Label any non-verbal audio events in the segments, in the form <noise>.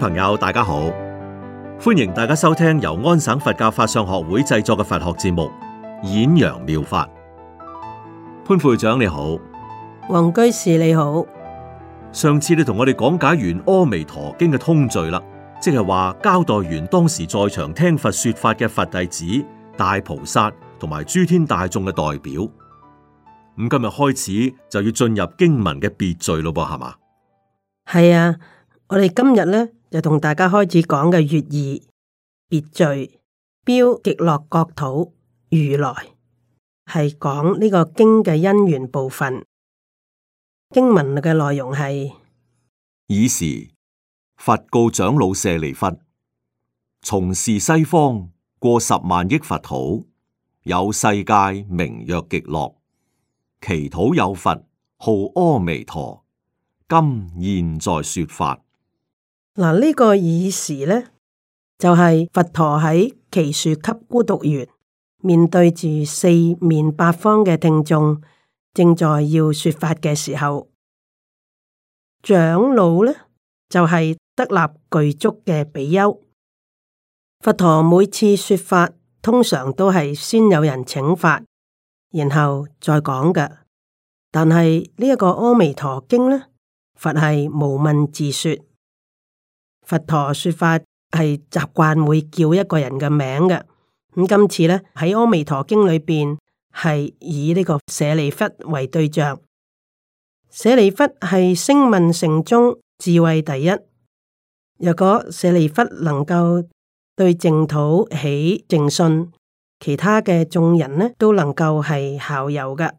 朋友，大家好，歡迎大家收聽由安省佛教法相學會製作嘅佛學節目《演揚妙，妙法》。潘副會長你好，黃居士你好。上次你同我哋講解完《阿彌陀經》嘅通序啦，即係話交代完當時在場聽佛說法嘅佛弟子、大菩薩同埋諸天大眾嘅代表。咁今日開始就要進入經文嘅別序咯噃，係嘛？係啊，我哋今日咧。就同大家開始講嘅《月義別序標極樂國土如來》，係講呢個經嘅因緣部分。經文嘅內容係：以時佛告長老舍利弗，從是西方過十萬億佛土，有世界名曰極樂，其土有佛號阿彌陀，今現在說法。嗱，呢個爾時呢，就係、是、佛陀喺祇樹給孤獨園，面對住四面八方嘅聽眾，正在要說法嘅時候，長老呢就係、是、德立具足嘅比丘。佛陀每次說法，通常都係先有人請法，然後再講嘅。但係呢一個阿彌陀經呢，佛係無問自說。佛陀說法係習慣會叫一個人嘅名嘅，咁今次咧喺《阿彌陀經》裏邊係以呢個舍利弗為對象。舍利弗係聲聞乘中智慧第一，若果舍利弗能夠對淨土起正信，其他嘅眾人呢都能夠係效尤嘅。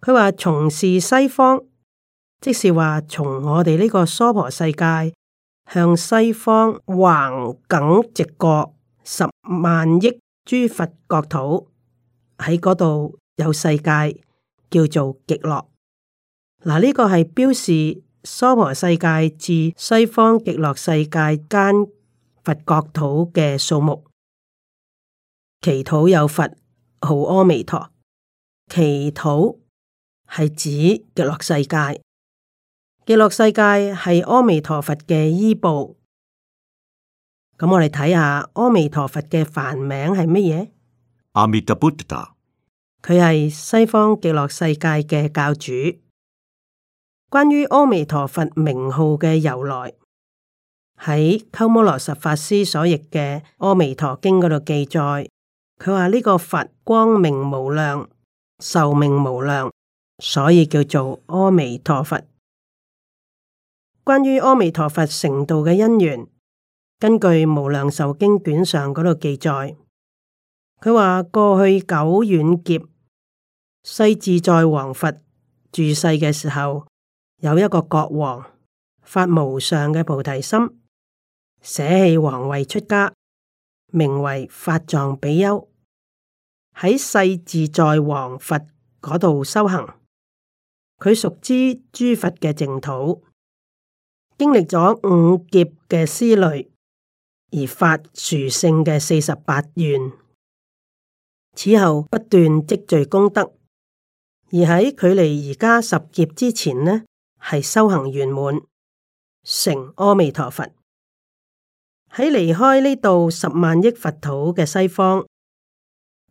佢話從是西方，即是話從我哋呢個娑婆世界。向西方橫亘直過十萬億諸佛國土，喺嗰度有世界叫做極樂。嗱，呢個係標示娑婆世界至西方極樂世界間佛國土嘅數目。其土有佛，號阿彌陀。其土係指極樂世界。極樂世界係阿彌陀佛嘅依報，咁我哋睇下阿彌陀佛嘅梵名係乜嘢？阿彌陀 Buddha 佢係西方極樂世界嘅教主。關於阿彌陀佛名號嘅由來，喺鳩摩羅什法師所譯嘅《阿彌陀經》嗰度記載，佢話呢個佛光明無量，壽命無量，所以叫做阿彌陀佛。關於阿彌陀佛成道嘅因緣，根據無量壽經卷上嗰度記載，佢話過去久遠劫，世自在王佛住世嘅時候，有一個國王發無上嘅菩提心，捨棄王位出家，名為法藏比丘，喺世自在王佛嗰度修行，佢熟知諸佛嘅淨土。經歷咗五劫嘅思慮而發殊勝嘅四十八願，此後不斷積聚功德，而喺距離而家十劫之前呢，係修行圓滿成阿彌陀佛，喺離開呢度十萬億佛土嘅西方，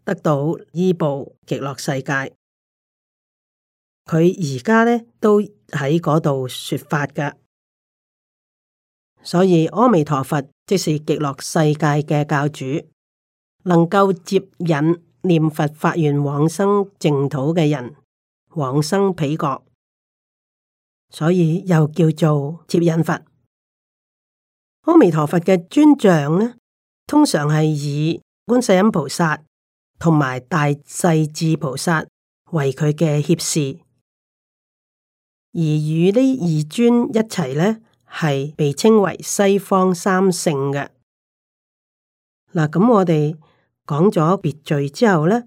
得到依報極樂世界，佢而家呢都喺嗰度說法㗎。所以，阿彌陀佛即是極樂世界嘅教主，能夠接引念佛發願往生淨土嘅人往生彼國，所以又叫做接引佛。阿彌陀佛嘅尊像呢，通常係以觀世音菩薩同埋大勢至菩薩為佢嘅脅侍，而與呢二尊一齊呢，係被稱為西方三聖嘅嗱。咁我哋講咗別序之後咧，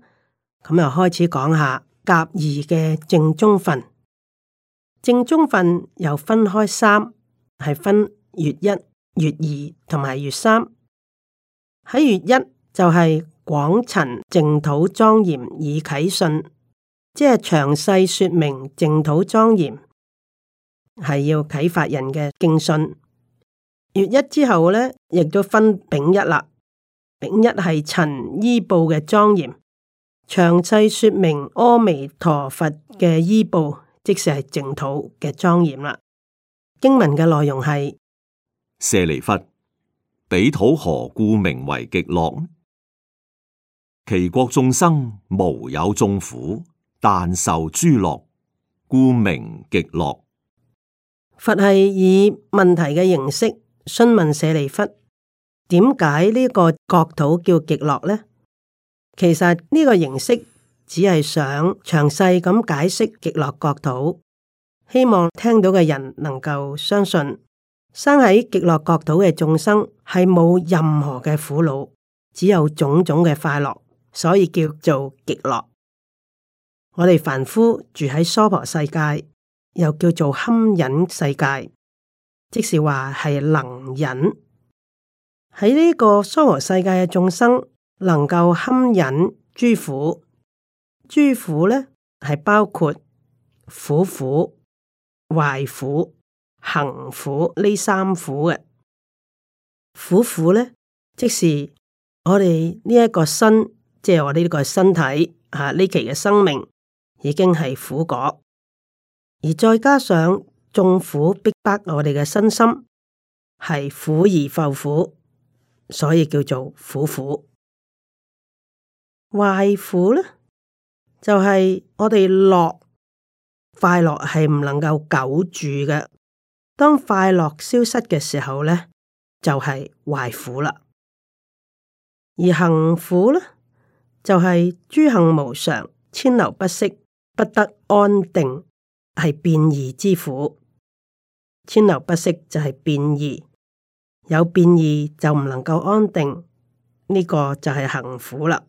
咁又開始講下甲二嘅正宗分。正宗分又分開三，係分月一、月二同埋月三。喺月一就係廣陳淨土莊嚴以啟信，即係詳細說明淨土莊嚴。係要啟發人嘅敬信。月一之後咧，亦都分丙一啦。丙一係陳依報嘅莊嚴，詳細說明阿彌陀佛嘅依報，即是係淨土嘅莊嚴啦。經文嘅內容係：舍利弗，彼土何故名為極樂？其國眾生無有眾苦，但受諸樂，故名極樂。佛係以問題嘅形式詢問舍利弗：點解呢個國土叫極樂呢？其實呢個形式只係想詳細咁解釋極樂國土，希望聽到嘅人能夠相信，生喺極樂國土嘅眾生係冇任何嘅苦惱，只有種種嘅快樂，所以叫做極樂。我哋凡夫住喺娑婆世界。又叫做堪忍世界，即是話係能忍，喺呢個娑婆世界嘅眾生能夠堪忍諸苦，諸苦咧，係包括苦苦、壞苦、行苦呢三苦嘅。苦苦咧，即是我哋呢一個身，即係我呢個身體啊，呢期嘅生命已經係苦果。而再加上眾苦逼迫，迫我哋嘅身心，係苦而受苦，所以叫做苦苦。壞苦呢，就係、是、我哋樂快樂係唔能夠久住嘅。當快樂消失嘅時候呢，就係、是、壞苦啦。而行苦呢，就係、是、諸行無常，千流不息，不得安定。係變異之苦，遷流不息就係變異，有變異就唔能夠安定，呢個就係行苦啦。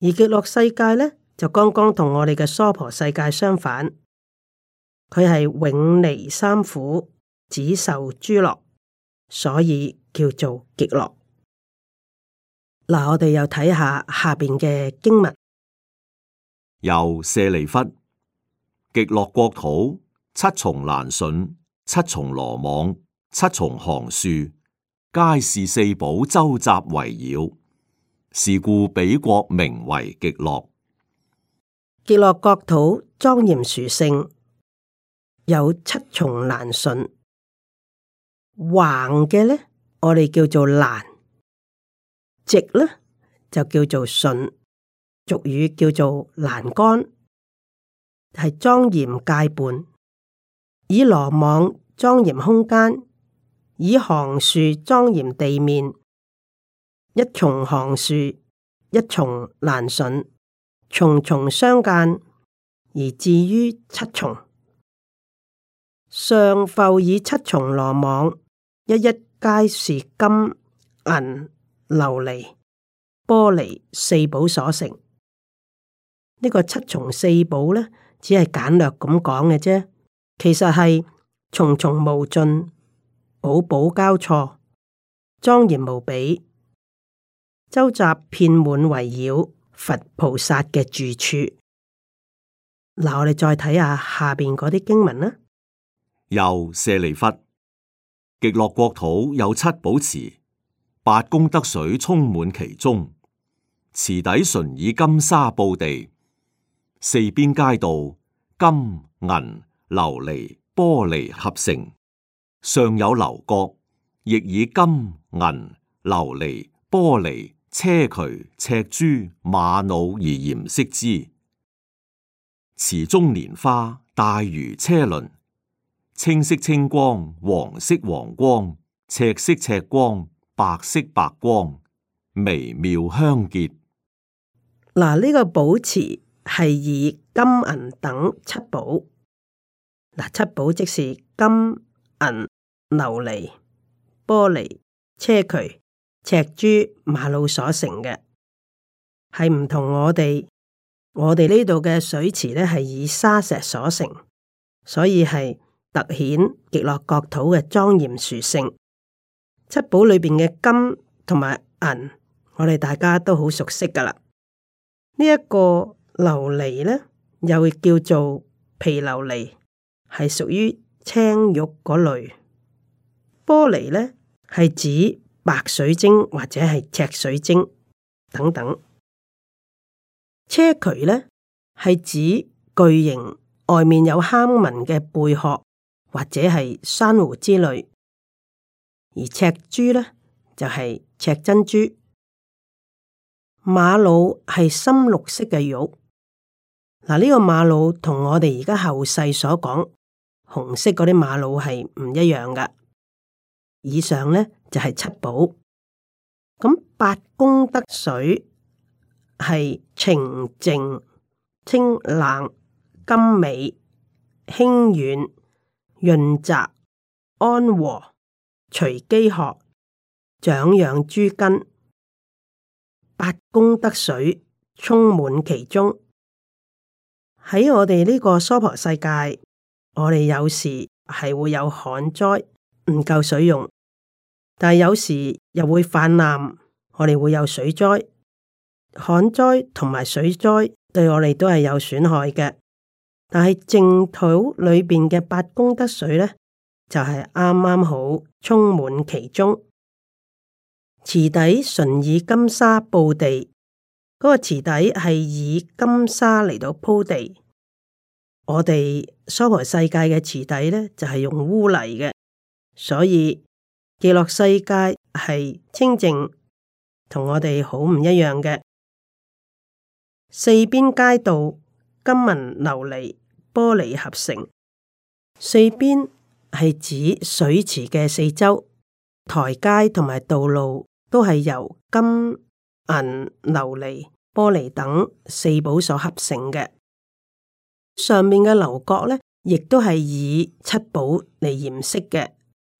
而極樂世界呢，就剛剛同我哋嘅娑婆世界相反，佢係永離三苦，只受諸樂，所以叫做極樂。嗱，我哋又睇下下邊嘅經文，由舍利弗。極樂國土七重欄楯，七重羅網，七重行樹，皆是四寶周匝圍繞。是故彼國名為極樂。極樂國土莊嚴殊勝，有七重欄楯。橫嘅呢，我哋叫做欄；直呢，就叫做楯。俗語叫做欄杆。係莊嚴界畔，以羅網莊嚴空間，以行樹莊嚴地面，一重行樹，一重欄楯，重重相間，而至於七重。上覆以七重羅網，一一皆是金銀琉璃玻璃四寶所成。呢、這個七重四寶呢？只係簡略咁講嘅啫，其實係重重無盡、寶寶交錯、莊嚴無比，周集遍滿圍繞佛菩薩嘅住處。嗱，我哋再睇下下邊嗰啲經文啦。又舍利弗，極樂國土有七寶池，八功德水充滿其中，池底純以金沙布地。四邊街道，金銀琉璃玻璃合成，上有樓閣，亦以金銀琉璃玻璃車渠赤珠瑪瑙而嚴飾之。池中蓮花大如車輪，青色青光，黃色黃光，赤色赤光，白色白光，微妙香潔。嗱，呢個寶池。係以金銀等七寶。嗱，七寶即是金銀琉璃玻璃車渠、赤珠馬瑙所成嘅，係唔同我哋我哋呢度嘅水池咧，係以沙石所成，所以係凸顯極樂國土嘅莊嚴殊勝。七寶裏邊嘅金同埋銀，我哋大家都好熟悉噶啦，呢一個。琉璃呢，又會叫做皮琉璃，係屬於青玉嗰類。玻璃呢，係指白水晶或者係赤水晶等等。硨磲呢，係指巨型外面有坑紋嘅貝殼或者係珊瑚之類。而赤珠呢，就係、是、赤珍珠。瑪瑙係深綠色嘅玉。嗱，呢個瑪瑙同我哋而家後世所講紅色嗰啲瑪瑙係唔一樣噶。以上呢就係、是、七寶，咁八功德水係澄淨、清冷、甘美、輕軟、潤澤、安和、除飢渴、長養諸根，八功德水充滿其中。喺我哋呢個娑婆世界，我哋有時係會有旱災，唔夠水用；但係有時又會氾濫，我哋會有水災。旱災同埋水災對我哋都係有損害嘅。但係淨土裏邊嘅八功德水咧，就係啱啱好充滿其中，池底純以金沙布地。嗰個池底係以金沙嚟到鋪地，我哋娑婆世界嘅池底咧就係、是、用烏泥嘅，所以極樂世界係清淨，同我哋好唔一樣嘅。四邊街道金銀琉璃玻璃合成，四邊係指水池嘅四周，台階同埋道路都係由金。銀、琉璃、玻璃等四寶所合成嘅，上面嘅樓閣咧，亦都係以七寶嚟掩飾嘅，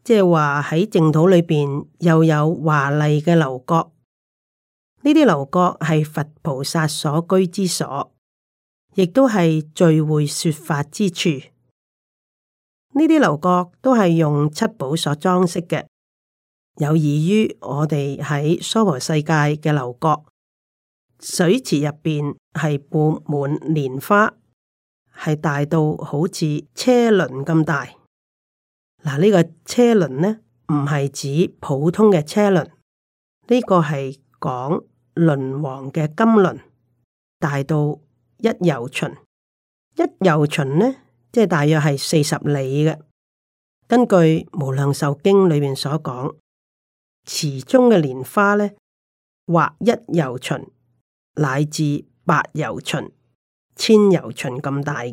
即係話喺淨土裏邊又有華麗嘅樓閣，呢啲樓閣係佛菩薩所居之所，亦都係聚會說法之處，呢啲樓閣都係用七寶所裝飾嘅。有異於我哋喺娑婆世界嘅樓閣，水池入邊係布滿蓮花，係大到好似車輪咁大。嗱，呢個車輪呢，唔係指普通嘅車輪，呢個係講輪王嘅金輪，大到一由旬。一由旬呢，即係大約係四十里嘅。根據無量壽經裏面所講。池中嘅蓮花呢，或一由旬，乃至百由旬、千由旬咁大嘅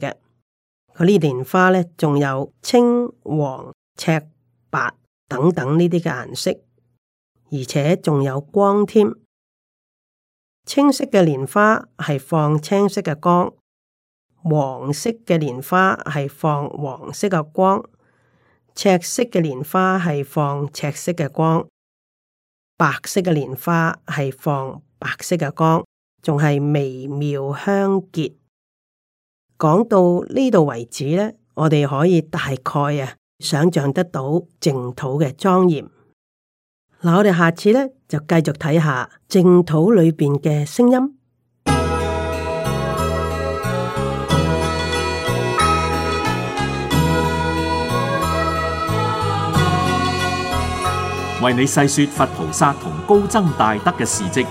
佢呢啲蓮花呢，仲有青、黃、赤、白等等呢啲嘅顏色，而且仲有光添。青色嘅蓮花係放青色嘅光，黃色嘅蓮花係放黃色嘅光，赤色嘅蓮花係放赤色嘅光。白色嘅蓮花係放白色嘅光，仲係微妙香潔。講到呢度為止呢，我哋可以大概啊想象得到淨土嘅莊嚴。嗱，我哋下次呢就繼續睇下淨土裏邊嘅聲音。為你細說佛菩薩同高僧大德嘅事跡，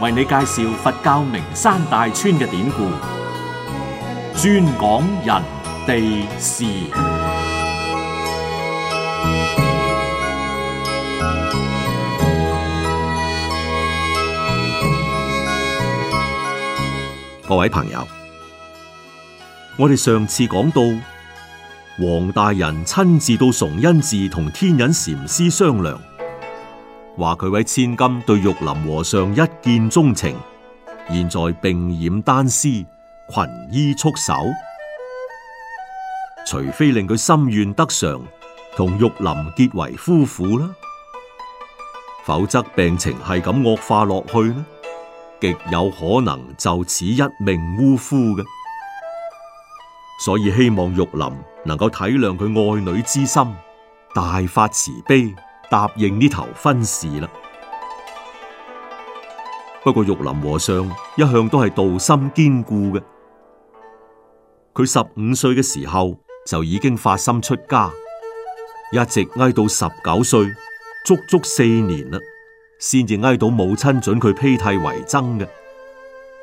為你介紹佛教名山大川嘅典故，專講人地事。各位朋友，我哋上次講到。黃大人親自到崇恩寺同天隱禪師商量，話佢位千金對玉林和尚一見鍾情，現在病染單思，群醫束手，除非令佢心願得償，同玉林結為夫婦啦，否則病情係咁惡化落去呢，極有可能就此一命嗚呼嘅，所以希望玉林。能夠體諒佢愛女之心，大發慈悲答應呢頭婚事啦。不過玉林和尚一向都係道心堅固嘅，佢十五歲嘅時候就已經發心出家，一直挨到十九歲，足足四年啦，先至挨到母親准佢披剃為僧嘅。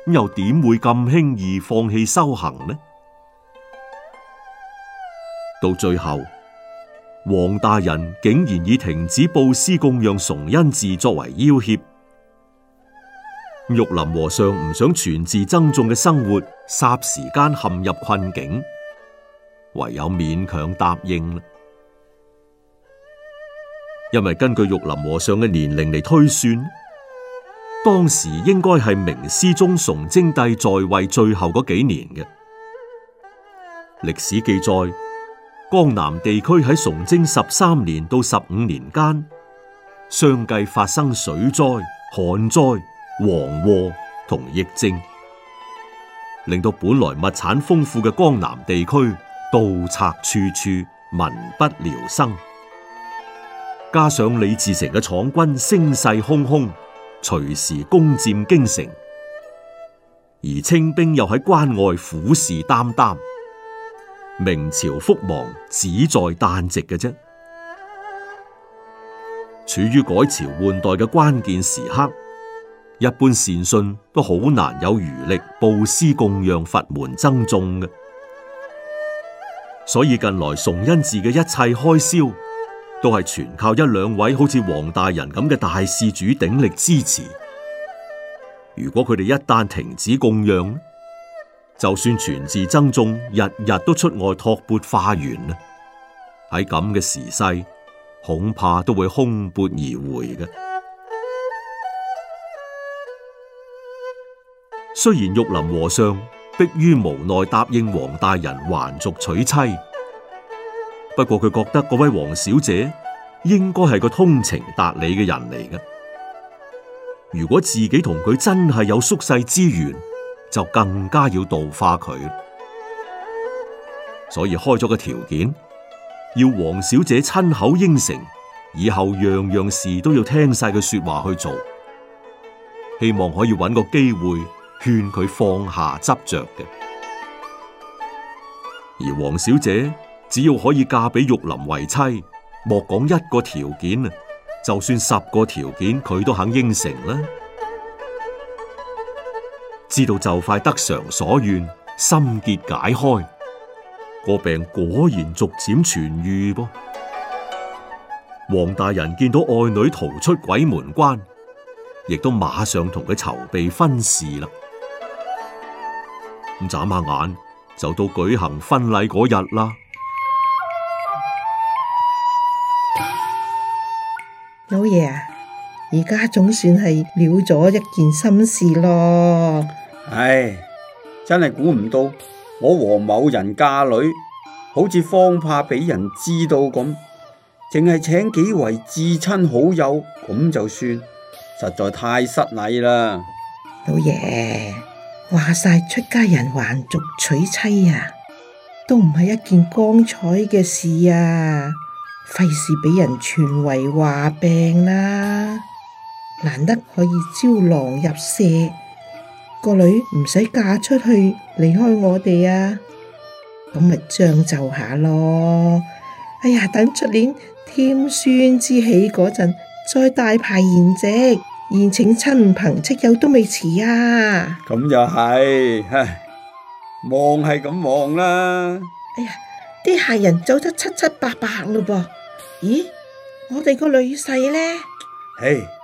又點會咁輕易放棄修行呢？到最後，王大人竟然以停止布施供養崇恩寺作為要挾，玉林和尚唔想全寺僧眾嘅生活霎時間陷入困境，唯有勉強答應。因為根據玉林和尚嘅年齡嚟推算，當時應該係明思宗崇禎帝在位最後嗰幾年嘅歷史記載。江南地區喺崇禎十三年到十五年間，相繼發生水災、旱災、蝗禍同疫症，令到本來物產豐富嘅江南地區盜賊處處，民不聊生。加上李自成嘅闖軍聲勢洶洶，隨時攻佔京城，而清兵又喺關外虎視眈眈。明朝覆亡只在旦夕嘅啫，處於改朝換代嘅關鍵時刻，一般善信都好難有餘力布施供養佛門僧眾嘅，所以近來崇恩寺嘅一切開銷，都係全靠一兩位好似黃大人咁嘅大事主鼎力支持。如果佢哋一旦停止供養，就算全寺僧眾日日都出外托缽化緣呢，喺咁嘅時勢，恐怕都會空缽而回嘅。 <noise> 雖然玉林和尚迫於無奈答應黃大人還俗娶妻，不過佢覺得嗰位黃小姐應該係個通情達理嘅人嚟嘅。如果自己同佢真係有宿世之緣，就更加要度化佢，所以開咗個條件，要黃小姐親口應承，以後樣樣事都要聽晒佢說話去做，希望可以揾個機會勸佢放下執着嘅。而黃小姐只要可以嫁俾玉林為妻，莫講一個條件啊，就算十個條件佢都肯應承啦。知道就快得償所願，心結解開，個病果然逐漸痊愈噃。黃大人見到愛女逃出鬼門關，亦都馬上同佢籌備婚事啦。咁眨下眼就到舉行婚禮嗰日啦。老爺，而家總算係了咗一件心事咯。唉，真係估唔到，我和某人嫁女，好似方怕俾人知道咁，淨係請幾位至親好友咁就算，實在太失禮啦！老爺話晒出家人還俗娶妻啊，都唔係一件光彩嘅事啊，費事俾人傳為話柄啦，啊，難得可以招郎入舍。個女唔使嫁出去離開我哋啊，咁咪將就下咯。哎呀，等出年添孫之喜嗰陣，再大排筵席，宴請親朋戚友都未遲啊。咁又係，唉，望係咁望啦。哎呀，啲客人走得七七八八咯噃？咦，我哋個女婿呢？誒。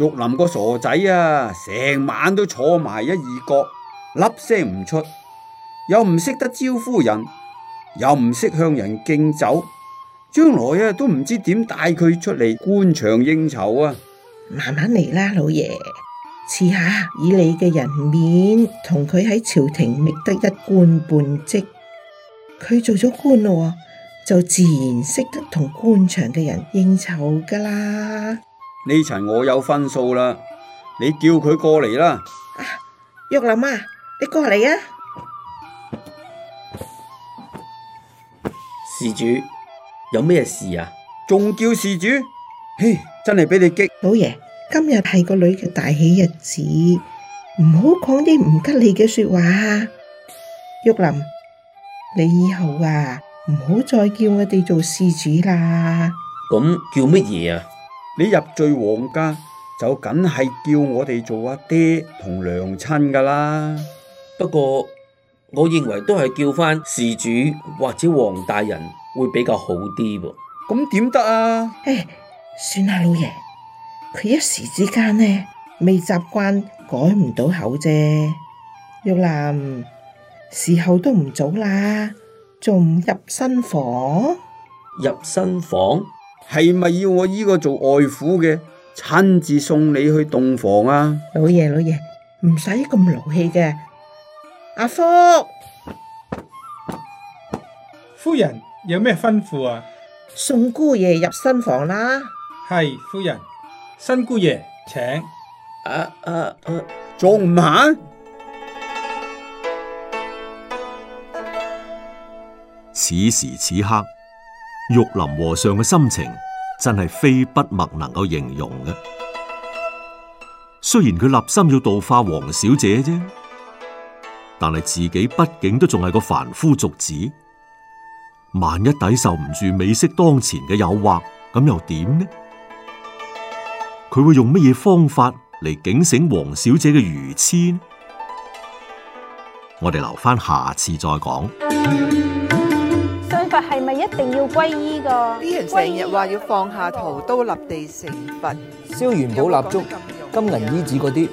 玉林個傻仔啊，成晚都坐埋一二角，粒聲唔出，又唔識得招呼人，又唔識向人敬酒，將來啊都唔知點帶佢出嚟官場應酬啊！慢慢嚟啦，老爺。遲下以你嘅人面同佢喺朝廷覓得一官半職，佢做咗官咯，就自然識得同官場嘅人應酬噶啦。呢層我有分數啦，你叫佢過嚟啦。啊，玉林啊，你過嚟啊！事主有咩事啊？仲叫事主？嘿，真係俾你激！老爺今日係個女嘅大喜日子，唔好講啲唔吉利嘅說話。玉林，你以後啊，唔好再叫我哋做事主啦。咁、嗯、叫乜嘢啊？你入贅皇家就梗係叫我哋做阿爹同娘親噶啦。不過我認為都係叫翻事主或者黃大人會比較好啲噃。咁點得啊？唉、哎，算啦，老爺，佢一時之間呢未習慣，改唔到口啫。玉蘭，時候都唔早啦，仲唔入新房？入新房？係咪要我呢個做外父嘅，親自送你去洞房啊？老爺老爺，唔使咁勞氣嘅。阿福，夫人有咩吩咐啊？送姑爺入新房啦。係夫人，新姑爺請。啊啊啊！仲唔行？啊、此時此刻。玉林和尚嘅心情真係非筆墨能夠形容嘅。雖然佢立心要度化王小姐啫，但係自己畢竟都仲係個凡夫俗子，萬一抵受唔住美色當前嘅誘惑，咁又點呢？佢會用乜嘢方法嚟警醒王小姐嘅愚痴呢？我哋留翻下次再講。係咪一定要皈依噶？啲人成日話要放下屠刀立地成佛，燒元寶蠟燭、金銀衣紙嗰啲，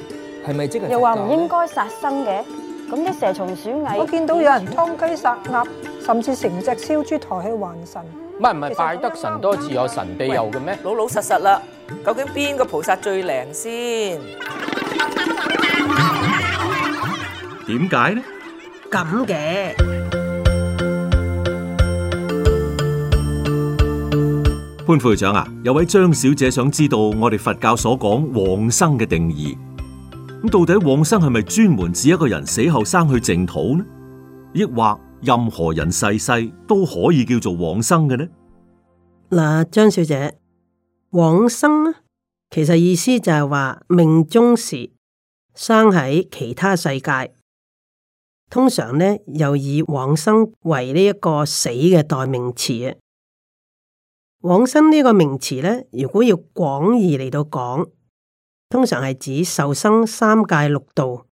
係咪即係？又話唔應該殺生嘅，咁啲蛇蟲鼠蟻，我見到有人劏雞殺鴨，甚至成隻燒豬抬去還神。唔係唔係，拜得神多自有神庇佑嘅咩？老老實實啦，究竟邊個菩薩最靈先？點解呢？咁嘅。潘副會長啊，有位張小姐想知道我哋佛教所講往生嘅定義，咁到底往生係咪專門指一個人死後生去淨土呢？抑或任何人世世都可以叫做往生嘅呢？嗱，張小姐，往生啊，其實意思就係話命中時生喺其他世界，通常呢又以往生為呢一個死嘅代名詞啊。往生呢個名詞呢，如果要廣義嚟到講，通常係指受生三界六道，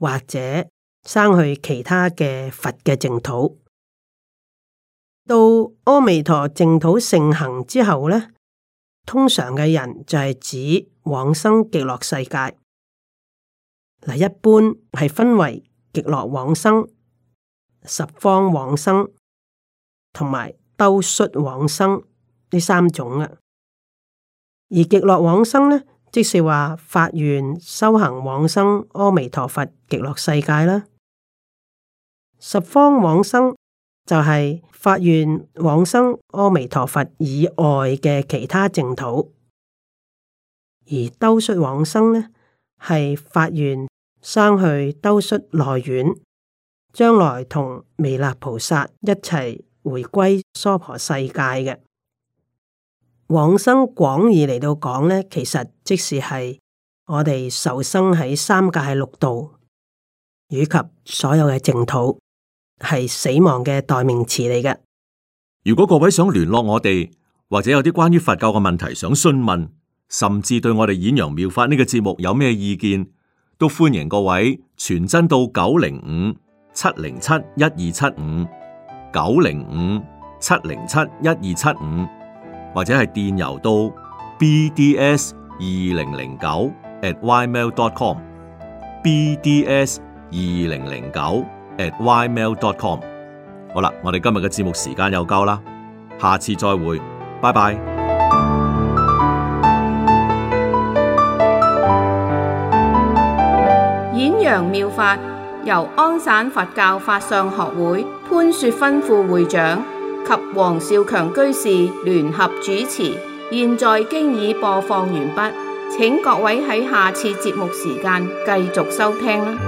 或者生去其他嘅佛嘅淨土。到阿彌陀淨土盛行之後呢，通常嘅人就係指往生極樂世界。一般係分為極樂往生、十方往生同埋兜率往生。呢三種啊，而極樂往生呢，即是話發願修行往生阿彌陀佛極樂世界啦。十方往生就係發願往生阿彌陀佛以外嘅其他淨土，而兜率往生呢，係發願生去兜率內院，將來同彌勒菩薩一齊回歸娑婆世界嘅。往生廣義嚟到講咧，其實即是係我哋受生喺三界、六道，以及所有嘅淨土，係死亡嘅代名詞嚟嘅。如果各位想聯絡我哋，或者有啲關於佛教嘅問題想詢問，甚至對我哋演揚妙法呢個節目有咩意見，都歡迎各位傳真到九零五七零七一二七五九零五七零七一二七五。或者係電郵到 bds 二零零九 at ymail dot com，bds 二零零九 at ymail dot com。Com 好啦，我哋今日嘅節目時間又夠啦，下次再會，拜拜。演揚妙法由安省佛教法相學會潘雪芬副會長。及王少強居士聯合主持，現在經已播放完畢，請各位喺下次節目時間繼續收聽。